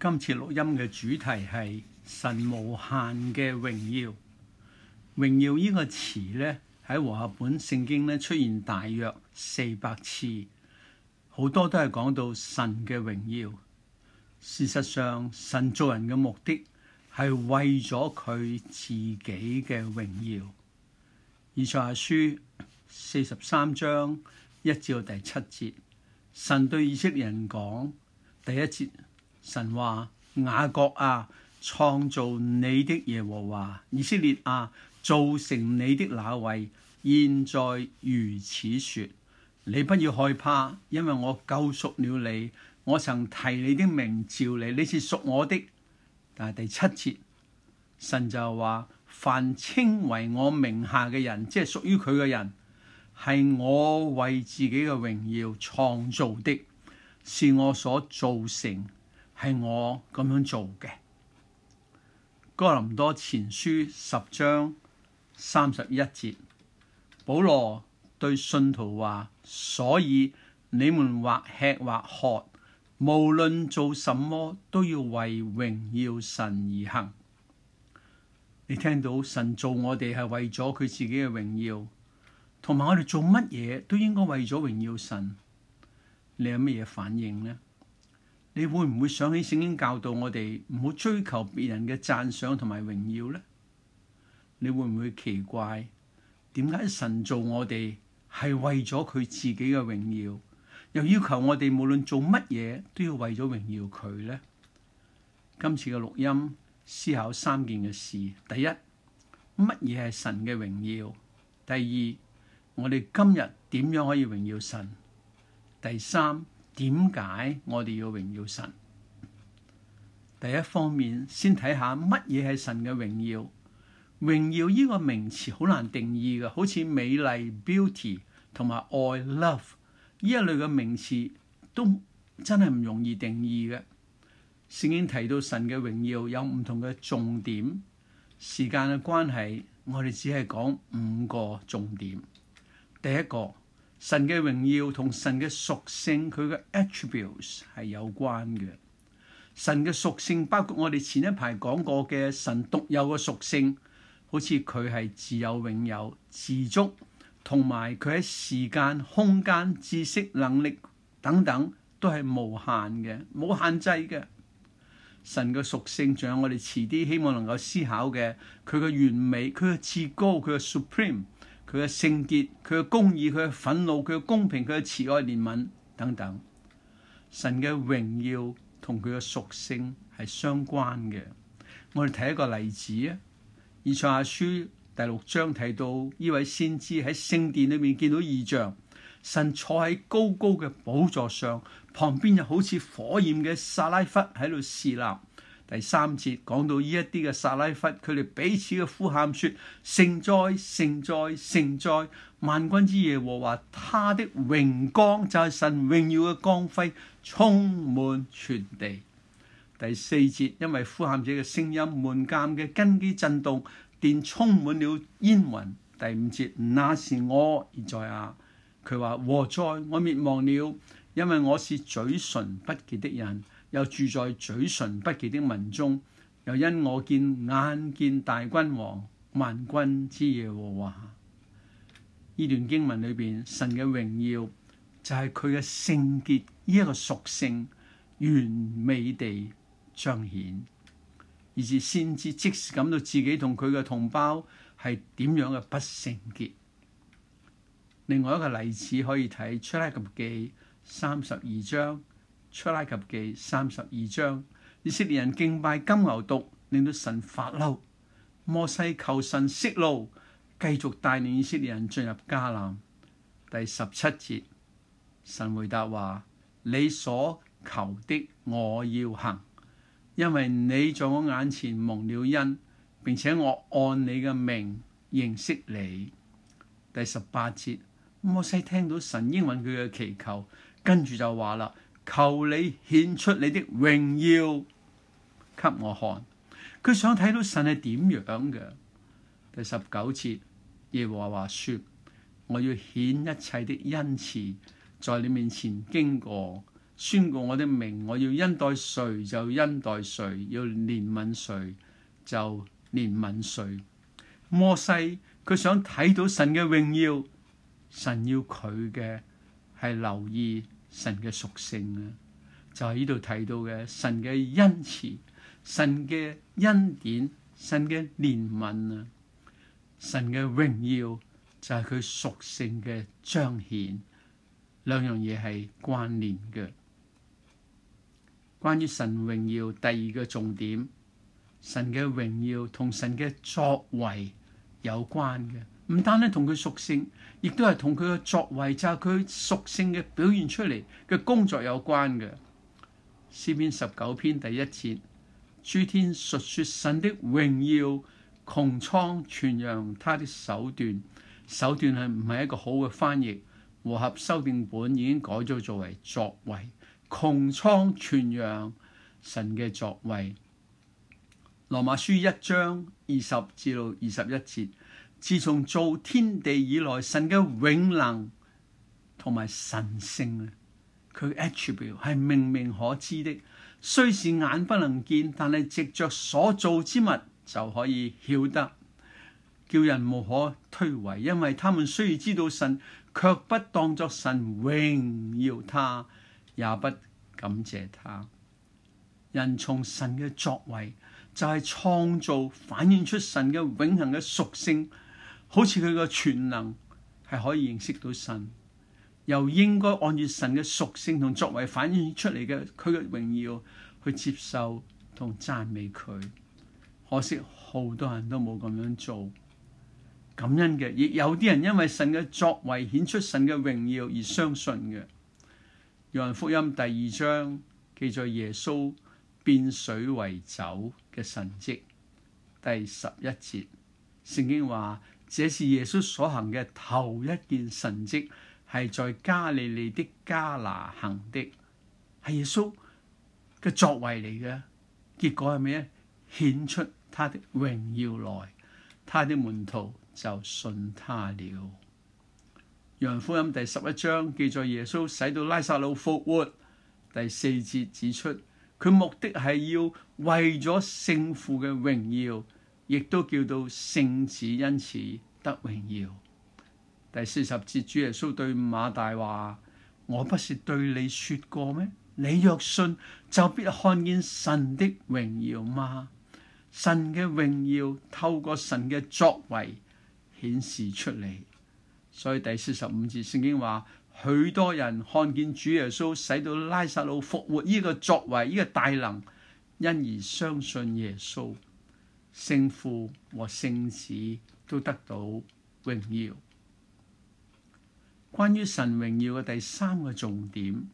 今次錄音嘅主題係神無限嘅榮耀。榮耀呢個詞呢，喺和合本聖經呢出現大約四百次，好多都係講到神嘅榮耀。事實上，神造人嘅目的係為咗佢自己嘅榮耀。以賽亞書四十三章一至到第七節，神對以色列人講：第一節。神話雅各啊，創造你的耶和華以色列啊，造成你的那位現在如此說：你不要害怕，因為我救贖了你，我曾提你的名召你，你是屬我的。但係第七節，神就話：凡稱為我名下嘅人，即係屬於佢嘅人，係我為自己嘅榮耀創造的，是我所造成。係我咁樣做嘅。哥林多前書十章三十一節，保羅對信徒話：「所以你們或吃或喝，無論做什麼，都要為榮耀神而行。你聽到神做我哋係為咗佢自己嘅榮耀，同埋我哋做乜嘢都應該為咗榮耀神。你有乜嘢反應呢？你會唔會想起聖經教導我哋唔好追求別人嘅讚賞同埋榮耀呢？你會唔會奇怪點解神做我哋係為咗佢自己嘅榮耀，又要求我哋無論做乜嘢都要為咗榮耀佢呢？今次嘅錄音思考三件嘅事：第一，乜嘢係神嘅榮耀？第二，我哋今日點樣可以榮耀神？第三。點解我哋要榮耀神？第一方面，先睇下乜嘢係神嘅榮耀。榮耀呢個名詞好難定義嘅，好似美麗 （beauty） 同埋愛 （love） 呢一類嘅名詞都真係唔容易定義嘅。聖經提到神嘅榮耀有唔同嘅重點，時間嘅關係，我哋只係講五個重點。第一個。神嘅榮耀同神嘅屬性，佢嘅 attributes 係有關嘅。神嘅屬性包括我哋前一排講過嘅神獨有嘅屬性，好似佢係自有永有、自足，同埋佢喺時間、空間、知識、能力等等都係無限嘅，冇限制嘅。神嘅屬性仲有我哋遲啲希望能夠思考嘅，佢嘅完美、佢嘅至高、佢嘅 supreme。佢嘅聖潔，佢嘅公義，佢嘅憤怒，佢嘅公平，佢嘅慈愛、憐憫等等，神嘅榮耀同佢嘅屬性係相關嘅。我哋睇一個例子啊，以賽亞書第六章提到呢位先知喺聖殿裏面見到異象，神坐喺高高嘅寶座上，旁邊就好似火焰嘅撒拉弗喺度侍立。第三節講到呢一啲嘅撒拉弗，佢哋彼此嘅呼喊說，説聖哉、聖哉、聖哉，萬軍之耶和華，他的榮光就係、是、神榮耀嘅光輝，充滿全地。第四節，因為呼喊者嘅聲音，門檻嘅根基震動，殿充滿了煙雲。第五節，那是我現在啊，佢話禍哉，我滅亡了，因為我是嘴唇不潔的人。又住在嘴唇不潔的民中，又因我見眼見大君王萬軍之耶和華。呢段經文裏邊，神嘅榮耀就係佢嘅聖潔呢一個屬性完美地彰顯，而是先知即時感到自己同佢嘅同胞係點樣嘅不聖潔。另外一個例子可以睇出埃及記三十二章。出埃及記三十二章，以色列人敬拜金牛犢，令到神發嬲。摩西求神息怒，繼續帶領以色列人進入迦南。第十七節，神回答話：你所求的我要行，因為你在我眼前蒙了恩，並且我按你嘅名認識你。第十八節，摩西聽到神應允佢嘅祈求，跟住就話啦。求你顯出你的榮耀給我看，佢想睇到神係點樣嘅。第十九節，耶和華話說：我要顯一切的恩慈在你面前經過，宣告我的名。我要恩待誰就恩待誰，要憐憫誰就憐憫誰。摩西佢想睇到神嘅榮耀，神要佢嘅係留意。神嘅屬性啊，就喺呢度睇到嘅神嘅恩慈、神嘅恩典、神嘅憐憫啊，神嘅榮耀就係、是、佢屬性嘅彰顯，兩樣嘢係關聯嘅。關於神榮耀第二個重點，神嘅榮耀同神嘅作為有關嘅。唔單止同佢屬性，亦都係同佢嘅作為，就係佢屬性嘅表現出嚟嘅工作有關嘅。詩篇十九篇第一節：諸天述説神的榮耀，穹蒼傳揚他的手段。手段係唔係一個好嘅翻譯？和合修訂本已經改咗作為，作為穹蒼傳揚神嘅作為。羅馬書一章二十至到二十一節。自從造天地以來，神嘅永能同埋神性，咧，佢 attribute 係明明可知的。雖是眼不能見，但係藉着所造之物就可以曉得，叫人無可推諉。因為他們雖然知道神，卻不當作神榮耀他，也不感謝他。人從神嘅作為，就係、是、創造反映出神嘅永恒嘅屬性。好似佢個全能係可以認識到神，又應該按住神嘅屬性同作為反映出嚟嘅佢嘅榮耀去接受同讚美佢。可惜好多人都冇咁樣做。感恩嘅，亦有啲人因為神嘅作為顯出神嘅榮耀而相信嘅。《約翰福音》第二章記載耶穌變水為酒嘅神跡，第十一節聖經話。這是耶穌所行嘅頭一件神蹟，係在加利利的迦拿行的，係耶穌嘅作為嚟嘅。結果係咩？顯出他的榮耀來，他的門徒就信他了。《約翰福音》第十一章記載耶穌使到拉撒路復活，第四節指出佢目的係要為咗聖父嘅榮耀。亦都叫做聖子，因此得榮耀。第四十節，主耶穌對馬大話：我不是對你説過咩？你若信，就必看見神的榮耀嗎？神嘅榮耀透過神嘅作為顯示出嚟。所以第四十五節聖經話：許多人看見主耶穌使到拉撒路復活呢個作為，呢個大能，因而相信耶穌。聖父和聖子都得到榮耀。關於神榮耀嘅第三個重點，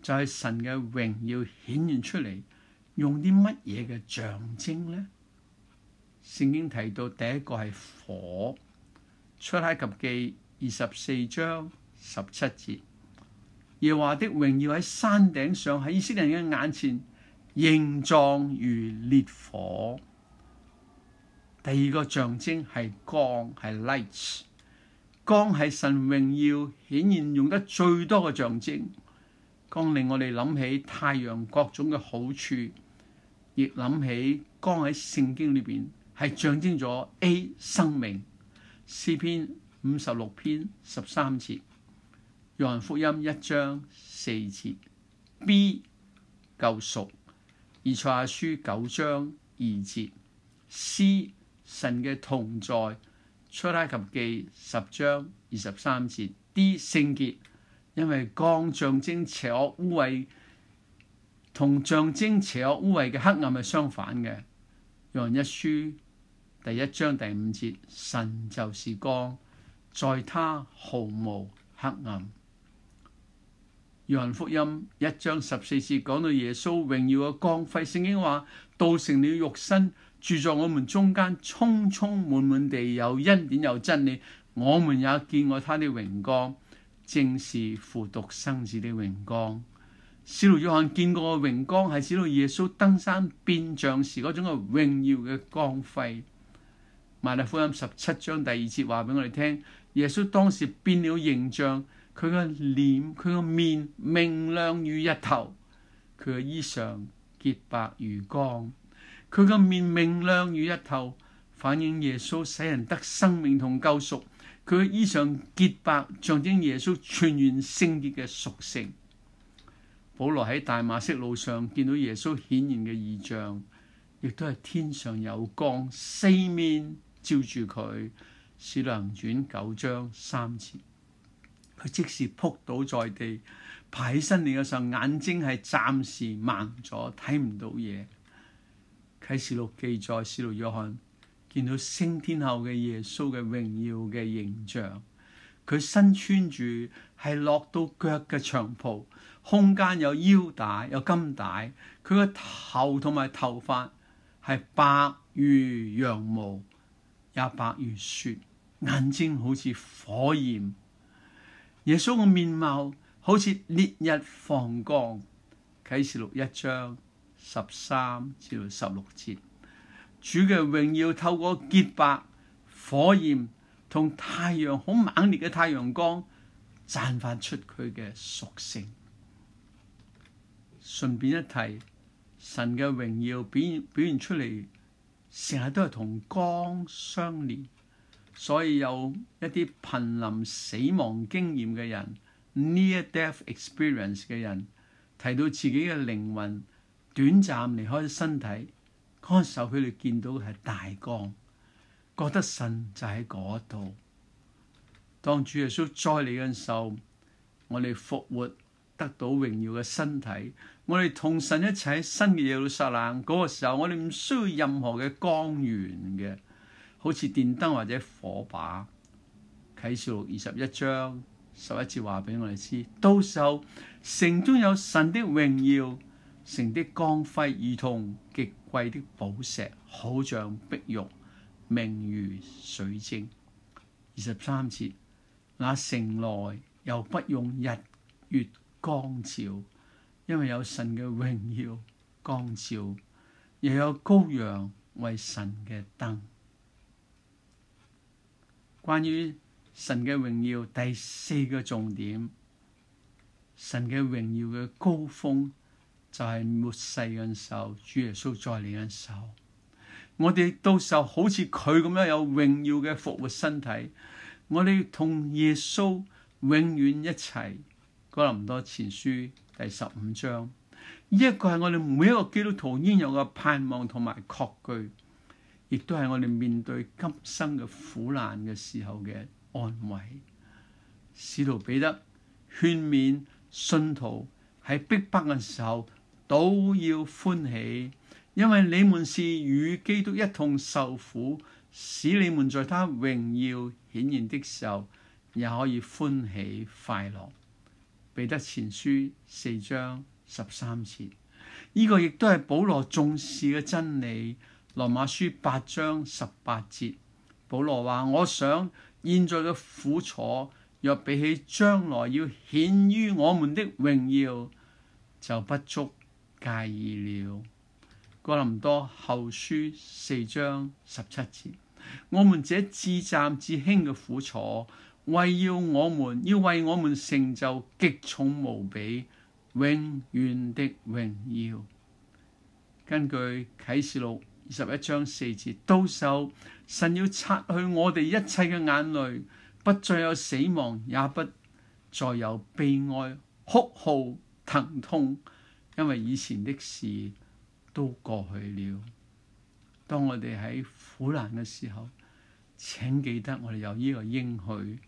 就係、是、神嘅榮耀顯現出嚟，用啲乜嘢嘅象徵呢？聖經提到第一個係火。出埃及記二十四章十七節，耶和華的榮耀喺山頂上，喺以色列人嘅眼前，形狀如烈火。第二個象徵係光，係 lights，光係神榮耀顯現用得最多嘅象徵。光令我哋諗起太陽各種嘅好處，亦諗起光喺聖經裏邊係象徵咗 A 生命，詩篇五十六篇十三節，約翰福音一章四節；B 救贖，以賽亞書九章二節；C。神嘅同在。出埃及記十章二十三節啲聖潔，因為光象徵邪惡污穢，同象徵邪惡污穢嘅黑暗係相反嘅。約翰一書第一章第五節，神就是光，在他毫無黑暗。約翰福音一章十四節講到耶穌榮耀嘅光輝，聖經話道成了肉身。住在我們中間，充充滿滿地有恩典有真理，我們也見過他的榮光，正是父獨生子的榮光。使徒約翰見過嘅榮光係使徒耶穌登山變像時嗰種嘅榮耀嘅光輝。馬太福音十七章第二節話俾我哋聽，耶穌當時變了形象，佢個臉，佢個面明亮如日頭，佢個衣裳潔白如光。佢個面明亮如日頭，反映耶穌使人得生命同救贖。佢嘅衣裳潔白，象徵耶穌完全聖潔嘅屬性。保羅喺大馬色路上見到耶穌顯現嘅異象，亦都係天上有光四面照住佢。使徒行傳九章三節，佢即時仆倒在地，爬起身嚟嘅時候，眼睛係暫時盲咗，睇唔到嘢。啟示錄記載，使徒約翰見到升天後嘅耶穌嘅榮耀嘅形象，佢身穿住係落到腳嘅長袍，空間有腰帶有金帶，佢個頭同埋頭髮係白如羊毛，也白如雪，眼睛好似火焰，耶穌嘅面貌好似烈日放光。啟示錄一章。十三至到十六節，主嘅榮耀透過潔白火焰同太陽好猛烈嘅太陽光，散發出佢嘅屬性。順便一提，神嘅榮耀表現表現出嚟，成日都係同光相連，所以有一啲瀕臨死亡經驗嘅人 （near death experience 嘅人）提到自己嘅靈魂。短暫離開身體嗰陣時，佢哋見到嘅係大光，覺得神就喺嗰度。當主耶穌再嚟嘅時候，我哋復活得到榮耀嘅身體，我哋同神一齊喺新嘅耶路撒冷嗰個時候，我哋唔需要任何嘅光源嘅，好似電燈或者火把。啟示錄二十一章十一節話俾我哋知，到時候城中有神的榮耀。城的光輝如同極貴的寶石，好像碧玉，明如水晶。二十三節，那城內又不用日月光照，因為有神嘅榮耀光照，又有羔羊為神嘅燈。關於神嘅榮耀，第四個重點，神嘅榮耀嘅高峰。就係末世嘅時候，主耶穌再嚟嘅時候，我哋到時候好似佢咁樣有榮耀嘅復活身體，我哋同耶穌永遠一齊。《哥林多前書》第十五章，呢一個係我哋每一個基督徒應有嘅盼望同埋確據，亦都係我哋面對今生嘅苦難嘅時候嘅安慰。使徒彼得勸勉信徒喺逼迫嘅時候。都要歡喜，因為你們是與基督一同受苦，使你們在他榮耀顯現的時候，也可以歡喜快樂。彼得前書四章十三節，呢個亦都係保羅重視嘅真理。羅馬書八章十八節，保羅話：我想現在嘅苦楚，若比起將來要顯於我們的榮耀，就不足。介意了。哥林多後書四章十七節，我們這至暫至輕嘅苦楚，為要我們要為我們成就極重無比、永遠的榮耀。根據啟示錄二十一章四節，到時神要擦去我哋一切嘅眼淚，不再有死亡，也不再有悲哀、哭號、疼痛。因為以前的事都過去了。當我哋喺苦難嘅時候，請記得我哋有呢個應許，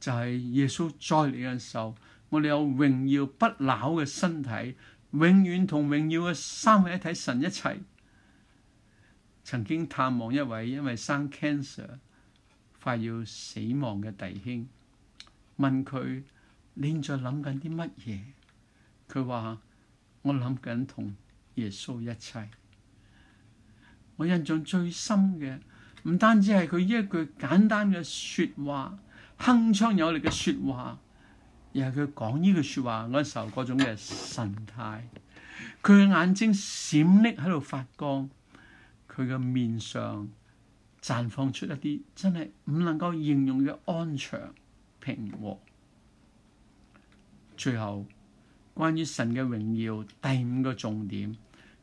就係耶穌再嚟嘅時候，我哋有榮耀不朽嘅身體，永遠同榮耀嘅三位一體神一齊。曾經探望一位因為生 cancer 快要死亡嘅弟兄，問佢，你仲諗緊啲乜嘢？佢話。我諗緊同耶穌一齊，我印象最深嘅，唔單止係佢一句簡單嘅說話，鏗鏘有力嘅說話，而係佢講呢句說話嗰時候嗰種嘅神態。佢嘅眼睛閃匿喺度發光，佢嘅面上綻放出一啲真係唔能夠形容嘅安詳平和。最後。關於神嘅榮耀第五個重點，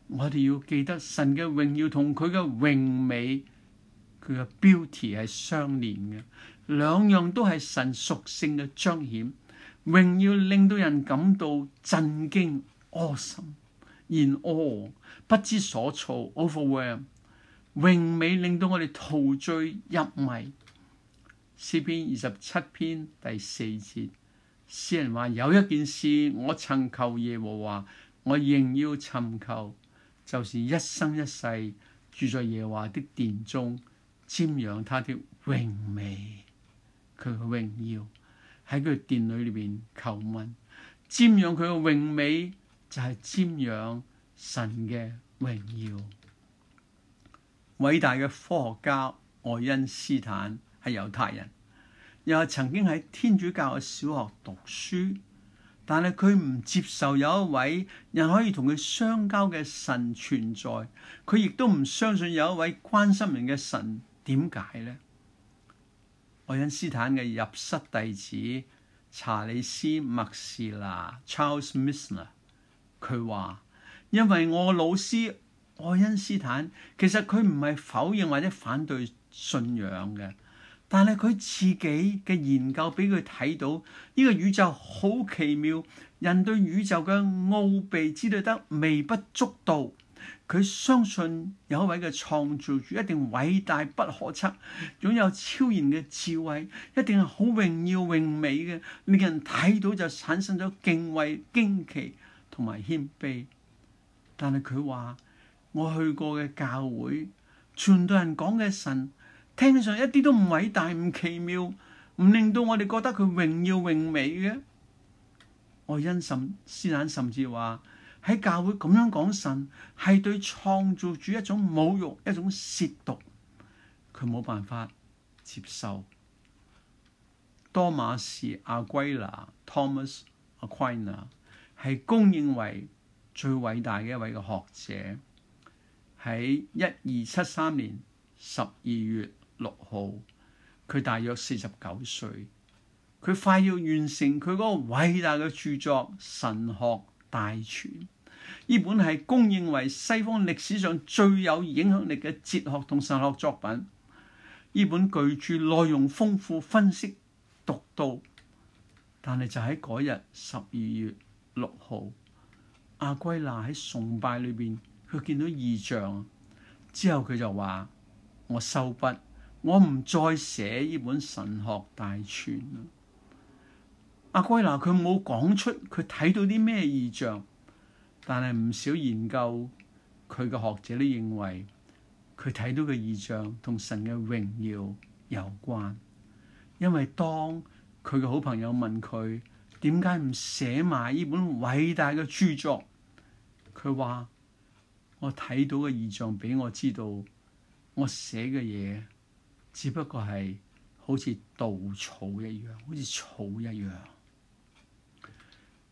我哋要記得神嘅榮耀同佢嘅榮美佢嘅標題係相連嘅，兩樣都係神屬性嘅彰顯。榮耀令到人感到震驚、awesome，in awe，不知所措，overwhelm。榮美令到我哋陶醉入迷。詩篇二十七篇第四節。詩人話，有一件事，我曾求耶和華，我仍要尋求，就是一生一世住在耶和華的殿中，瞻仰他的榮美，佢嘅榮耀喺佢殿裏面求問，瞻仰佢嘅榮美就係瞻仰神嘅榮耀。偉大嘅科學家愛因斯坦係猶太人。又係曾經喺天主教嘅小學讀書，但係佢唔接受有一位人可以同佢相交嘅神存在，佢亦都唔相信有一位關心人嘅神，點解呢？愛因斯坦嘅入室弟子查理斯麥士娜 c h a r l e s Misner） 佢話：因為我老師愛因斯坦其實佢唔係否認或者反對信仰嘅。但係佢自己嘅研究俾佢睇到呢個宇宙好奇妙，人對宇宙嘅奧秘之類得微不足道。佢相信有一位嘅創造主一定偉大不可測，擁有超然嘅智慧，一定係好榮耀榮美嘅，令人睇到就產生咗敬畏、驚奇同埋謙卑。但係佢話，我去過嘅教會，傳道人講嘅神。聽上一啲都，唔偉大，唔奇妙，唔令到我哋覺得佢榮耀榮美嘅。愛因斯坦甚至話喺教會咁樣講神，係對創造主一種侮辱、一種褻瀆，佢冇辦法接受。多馬士阿奎那 （Thomas Aquinas） 係公認為最偉大嘅一位嘅學者，喺一二七三年十二月。六號，佢大約四十九歲，佢快要完成佢嗰個偉大嘅著作《神學大全》。呢本係公認為西方歷史上最有影響力嘅哲學同神學作品。呢本巨著內容豐富、分析獨到，但係就喺嗰日十二月六號，阿圭娜喺崇拜裏邊，佢見到異象之後，佢就話：我收筆。我唔再寫呢本神學大全啦。阿圭娜佢冇講出佢睇到啲咩異象，但係唔少研究佢嘅學者都認為佢睇到嘅異象同神嘅榮耀有關。因為當佢嘅好朋友問佢點解唔寫埋呢本偉大嘅著作，佢話：我睇到嘅異象俾我知道，我寫嘅嘢，只不過係好似稻草一樣，好似草一樣。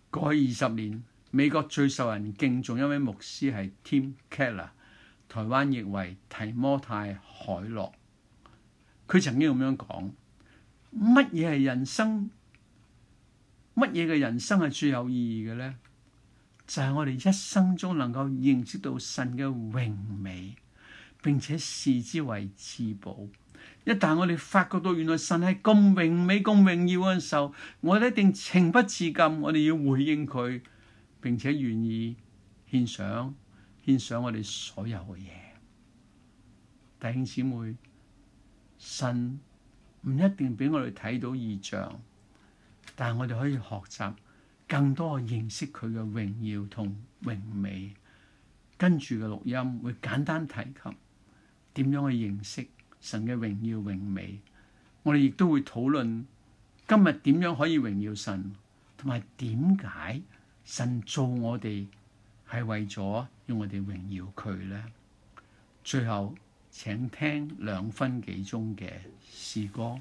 過去二十年，美國最受人敬重一位牧師係 Tim Keller，台灣譯為提摩太海洛。佢曾經咁樣講：乜嘢係人生？乜嘢嘅人生係最有意義嘅咧？就係、是、我哋一生中能夠認識到神嘅榮美，並且視之為至寶。一旦我哋發覺到原來神係咁榮美、咁榮耀嘅時候，我哋一定情不自禁，我哋要回應佢，並且願意獻上獻上我哋所有嘅嘢。弟兄姊妹，神唔一定俾我哋睇到異象，但係我哋可以學習更多去認識佢嘅榮耀同榮美。跟住嘅錄音會簡單提及點樣去認識。神嘅榮耀榮美，我哋亦都會討論今日點樣可以榮耀神，同埋點解神做我哋係為咗要我哋榮耀佢呢？最後請聽兩分幾鐘嘅詩歌。